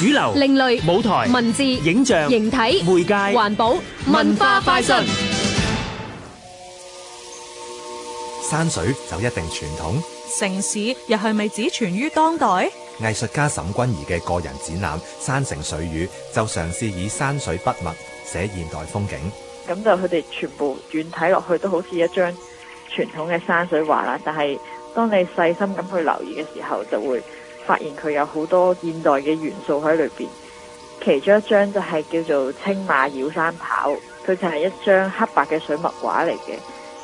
主流、另類舞台、文字、影像、形體、媒介、環保、文化快訊。山水就一定傳統？城市又係咪只存於當代？藝術家沈君儀嘅個人展覽《山城水語》，就嘗試以山水筆墨寫現代風景。咁就佢哋全部遠睇落去都好似一張傳統嘅山水畫啦，但係當你細心咁去留意嘅時候，就會發現佢有好多現代嘅元素喺裏邊，其中一張就係叫做《青馬繞山跑》，佢就係一張黑白嘅水墨畫嚟嘅。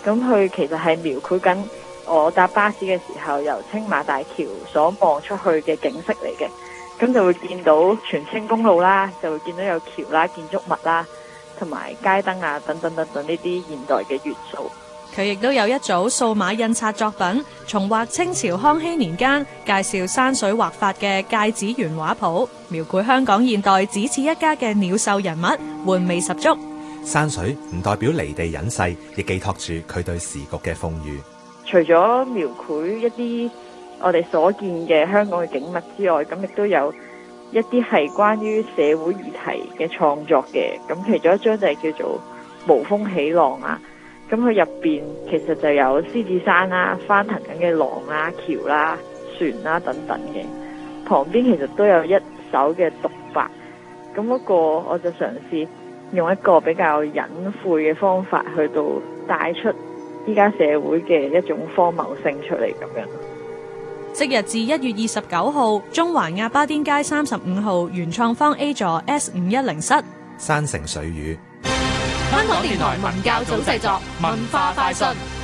咁佢其實係描繪緊我搭巴士嘅時候，由青馬大橋所望出去嘅景色嚟嘅。咁就會見到全青公路啦，就會見到有橋啦、建築物啦，同埋街燈啊等等等等呢啲現代嘅元素。佢亦都有一組數碼印刷作品，重畫清朝康熙年間介紹山水畫法嘅芥子園畫譜，描繪香港現代只此一家嘅鳥獸人物，韻味十足。山水唔代表離地隱世，亦寄託住佢對時局嘅風雨。除咗描繪一啲我哋所見嘅香港嘅景物之外，咁亦都有一啲係關於社會議題嘅創作嘅。咁其中一張就係叫做《無風起浪》啊。咁佢入邊其實就有獅子山啦、啊、翻騰緊嘅浪啊、橋啦、啊、船啦、啊、等等嘅，旁邊其實都有一手嘅獨白。咁嗰個我就嘗試用一個比較隱晦嘅方法去到帶出依家社會嘅一種荒謬性出嚟咁樣。即日至一月二十九號，中環亞巴甸街三十五號原創方 A 座 S 五一零室。山城水雨。香港電台文教組製作，文，作文化快訊。